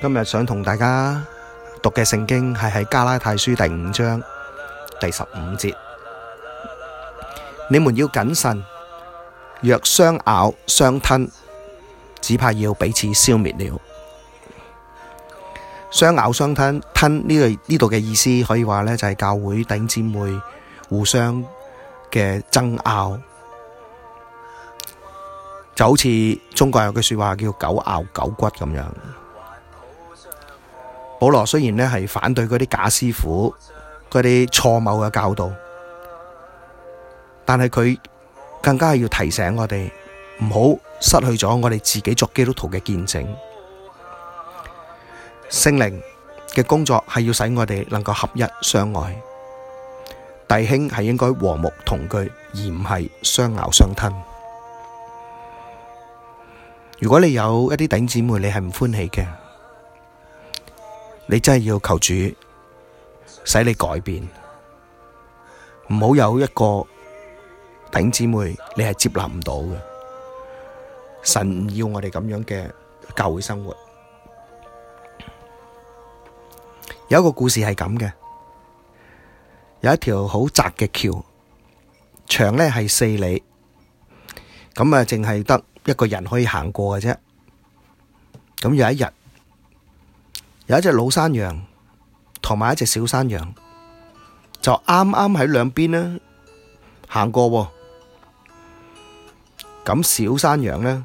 今日想同大家讀嘅聖經係喺加拉太書第五章第十五節，你們要謹慎，若相咬相吞，只怕要彼此消滅了。相咬相吞吞呢、這個呢度嘅意思，可以話呢，就係、是、教會弟兄姊妹互相嘅爭拗。就好似中國有句說話叫狗咬狗骨咁樣。保羅雖然係反對嗰啲假師傅、嗰啲錯誤嘅教導，但係佢更加係要提醒我哋，唔好失去咗我哋自己作基督徒嘅見證。聖靈嘅工作係要使我哋能夠合一相愛。弟兄係應該和睦同居，而唔係相咬相吞。如果你有一啲頂姊妹，你係唔歡喜嘅，你真係要求主使你改變，唔好有一個頂姊妹你係接納唔到嘅。神唔要我哋咁樣嘅教會生活。有一個故事係咁嘅，有一條好窄嘅橋，長呢係四里，咁啊淨係得，一個人可以行過嘅啫，咁有一日，有一隻老山羊同埋一隻小山羊，就啱啱喺兩邊呢行過，咁小山羊呢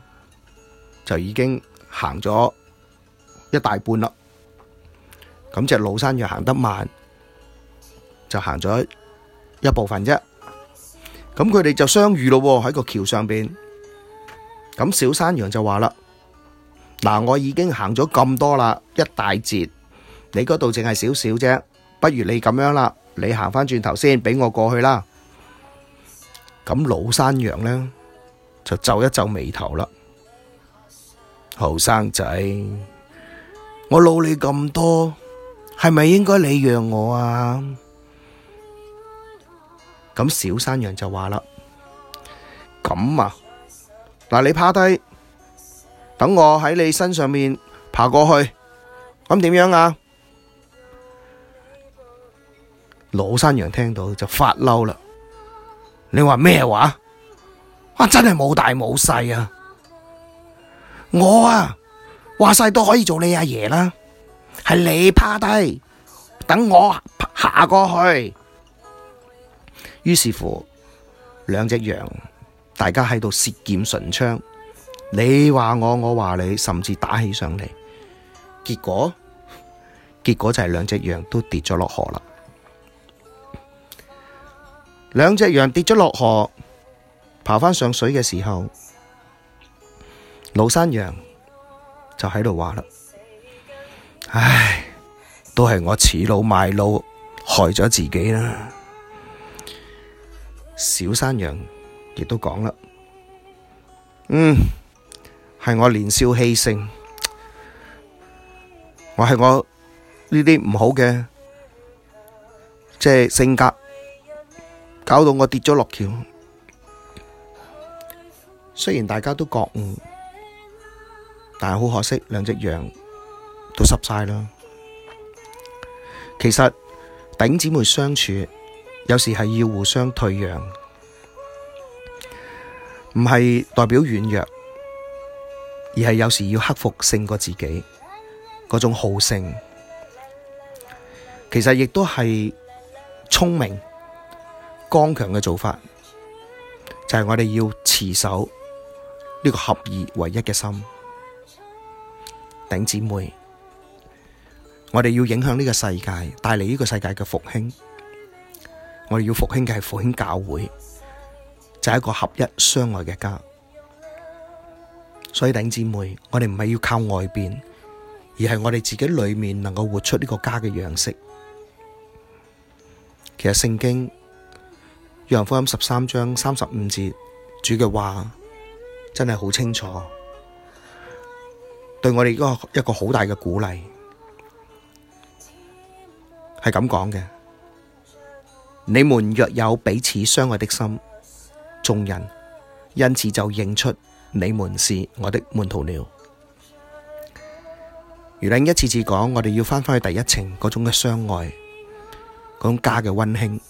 就已經行咗一大半啦，咁隻老山羊行得慢，就行咗一部分啫，咁佢哋就相遇咯喎喺個橋上邊。咁小山羊就話啦，嗱，我已經行咗咁多啦，一大截，你嗰度淨係少少啫，不如你咁樣啦，你行翻轉頭先，畀我過去啦。咁老山羊咧就皺一皺眉頭啦，後生仔，我老你咁多，係咪應該你讓我啊？咁小山羊就話啦，咁啊。嗱，你趴低，等我喺你身上面爬過去，咁點樣啊？老山羊聽到就發嬲啦！你話咩話？啊，真係冇大冇細啊！我啊話晒都可以做你阿爺啦，係你趴低，等我爬過去。於是乎，兩隻羊。大家喺度舌劍唇槍，你話我，我話你，甚至打起上嚟，結果結果就係兩隻羊都跌咗落河啦。兩隻羊跌咗落河，爬返上水嘅時候，老山羊就喺度話啦，唉，都係我恃老賣老，害咗自己啦。小山羊。亦都講啦，嗯，係我年少氣盛，我係我呢啲唔好嘅，即係性格，搞到我跌咗落橋。雖然大家都覺悟，但係好可惜，兩隻羊都濕晒。啦，其實頂姊妹相處，有時係要互相退讓。唔係代表軟弱，而係有時要克服勝過自己嗰種好勝，其實亦都係聰明、剛強嘅做法，就係、是、我哋要持守呢個合而為一嘅心，頂姊妹，我哋要影響呢個世界，帶嚟呢個世界嘅復興，我哋要復興嘅係復興教會。就係一個合一相愛嘅家，所以弟姊妹，我哋唔係要靠外邊，而係我哋自己裏面能夠活出呢個家嘅樣式。其實聖經約翰福音十三章三十五節主嘅話真係好清楚，對我哋一個一個好大嘅鼓勵係咁講嘅，你們若有彼此相愛的心。眾人，因此就認出你們是我的門徒了。余嶺一次次講，我哋要翻返去第一程嗰種嘅相愛，嗰種家嘅温馨，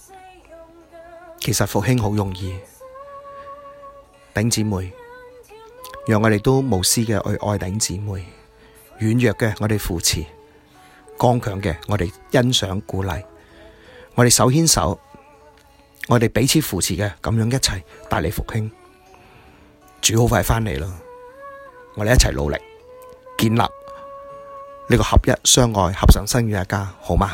其實復興好容易。頂姊妹，讓我哋都無私嘅去愛頂姊妹，軟弱嘅我哋扶持，剛強嘅我哋欣賞鼓勵，我哋手牽手。我哋彼此扶持嘅，咁樣一齊帶嚟復興，主好快返嚟咯！我哋一齊努力建立呢、這個合一相愛、合上身嘅一家，好嗎？